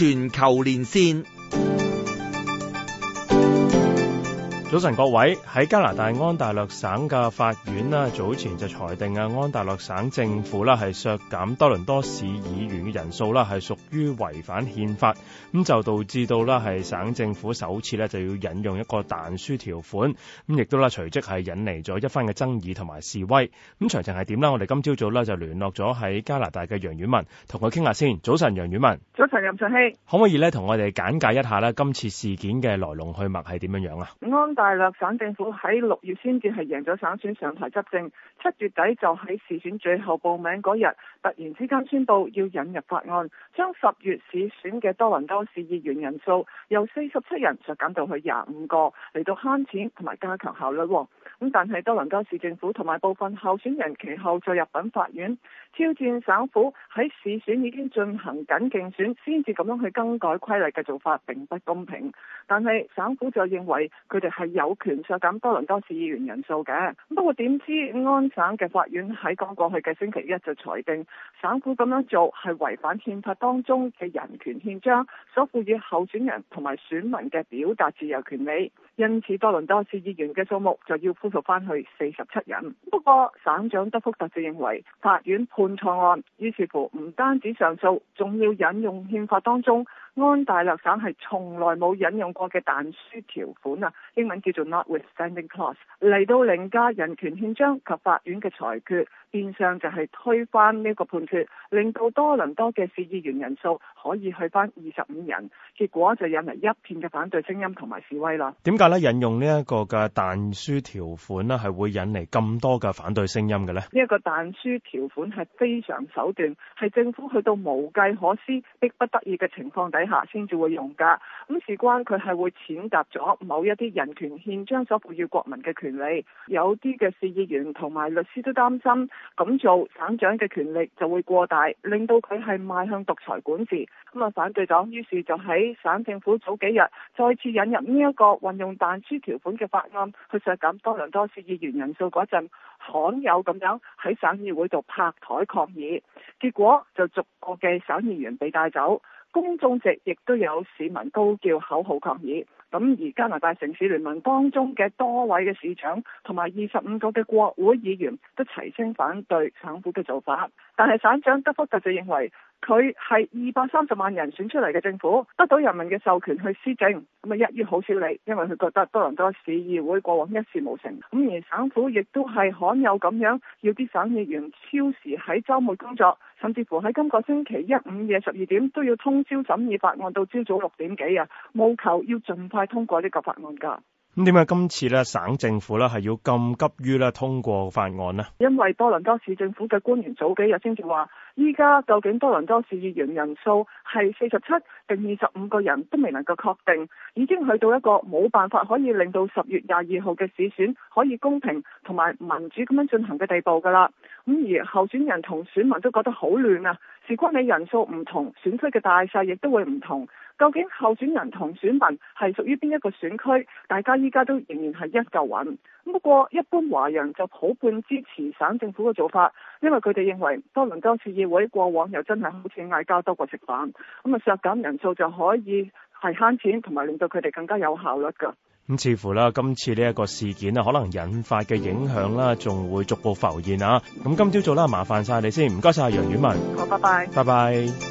全球連線早晨各位，喺加拿大安大略省嘅法院啦，早前就裁定啊，安大略省政府啦係削減多倫多市議員嘅人數啦，係屬於違反憲法，咁就導致到啦係省政府首次咧就要引用一個但書條款，咁亦都啦隨即係引嚟咗一番嘅爭議同埋示威，咁詳情係點啦？我哋今朝早咧就聯絡咗喺加拿大嘅楊婉文，同佢傾下先。早晨，楊婉文。早晨，任順熙，可唔可以咧同我哋簡介一下咧今次事件嘅來龍去脈係點樣樣啊？安。大略省政府喺六月先至係贏咗省選上台執政，七月底就喺市選最後報名嗰日，突然之間宣布要引入法案，將十月市選嘅多倫多市議員人數由四十七人削減到去廿五個，嚟到慳錢同埋加強效率。咁但係多倫多市政府同埋部分候選人其後再入稟法院挑戰省府喺市選已經進行緊競選先至咁樣去更改規例嘅做法並不公平。但係省府就認為佢哋係有權削減多倫多市議員人數嘅。不過點知安省嘅法院喺剛過去嘅星期一就裁定，省府咁樣做係違反憲法當中嘅人權憲章所賦予候選人同埋選民嘅表達自由權利。因此多倫多市議員嘅數目就要，翻去四十七人，不過省長德福特就認為法院判錯案，於是乎唔單止上訴，仲要引用憲法當中安大略省係從來冇引用過嘅但書條款啊，英文叫做 Notwithstanding Clause 嚟到凌駕人權憲章及法院嘅裁決，變相就係推翻呢個判決，令到多倫多嘅市議員人數可以去翻二十五人，結果就引嚟一片嘅反對聲音同埋示威啦。點解呢？引用呢一個嘅但書條款咧係會引嚟咁多嘅反對聲音嘅咧？呢、這、一個但書條款係非常手段，係政府去到無計可施、逼不得已嘅情況底下先至會用噶。咁、嗯、事關佢係會踐踏咗某一啲人權憲章所賦予國民嘅權利，有啲嘅市議員同埋律師都擔心咁做，省長嘅權力就會過大，令到佢係邁向獨裁管治。咁、嗯、啊，反對黨於是就喺省政府早幾日再次引入呢一個運用但書條款嘅法案去削減多多市議員人數嗰陣，罕有咁樣喺省議會度拍台抗議，結果就逐個嘅省議員被帶走，公眾席亦都有市民高叫口號抗議。咁而加拿大城市聯盟當中嘅多位嘅市長同埋二十五個嘅國會議員都齊聲反對省府嘅做法，但係省長德福特就認為佢係二百三十萬人選出嚟嘅政府，得到人民嘅授權去施政，咁啊一於好少理，因為佢覺得多倫多市議會過往一事無成，咁而省府亦都係罕有咁樣要啲省議員超時喺周末工作，甚至乎喺今個星期一午夜十二點都要通宵審議法案到朝早六點幾啊，務求要盡快。係通過呢個法案噶。咁點解今次咧，省政府咧係要咁急於咧通過法案呢？因為多倫多市政府嘅官員早幾日先至話，依家究竟多倫多市議員人數係四十七定二十五個人都未能夠確定，已經去到一個冇辦法可以令到十月廿二號嘅市選可以公平同埋民主咁樣進行嘅地步噶啦。咁而候選人同選民都覺得好亂啊，事關你人數唔同，選區嘅大細亦都會唔同。究竟候選人同選民係屬於邊一個選區？大家依家都仍然係一嚿穩。不過一般華人就普遍支持省政府嘅做法，因為佢哋認為多倫多市議會過往又真係好似嗌交多過食飯，咁啊削減人數就可以係慳錢同埋令到佢哋更加有效率噶。咁似乎啦，今次呢一個事件咧，可能引發嘅影響啦，仲會逐步浮現啊！咁今朝早啦，麻煩晒你先，唔該晒楊婉文。好，拜拜。拜拜。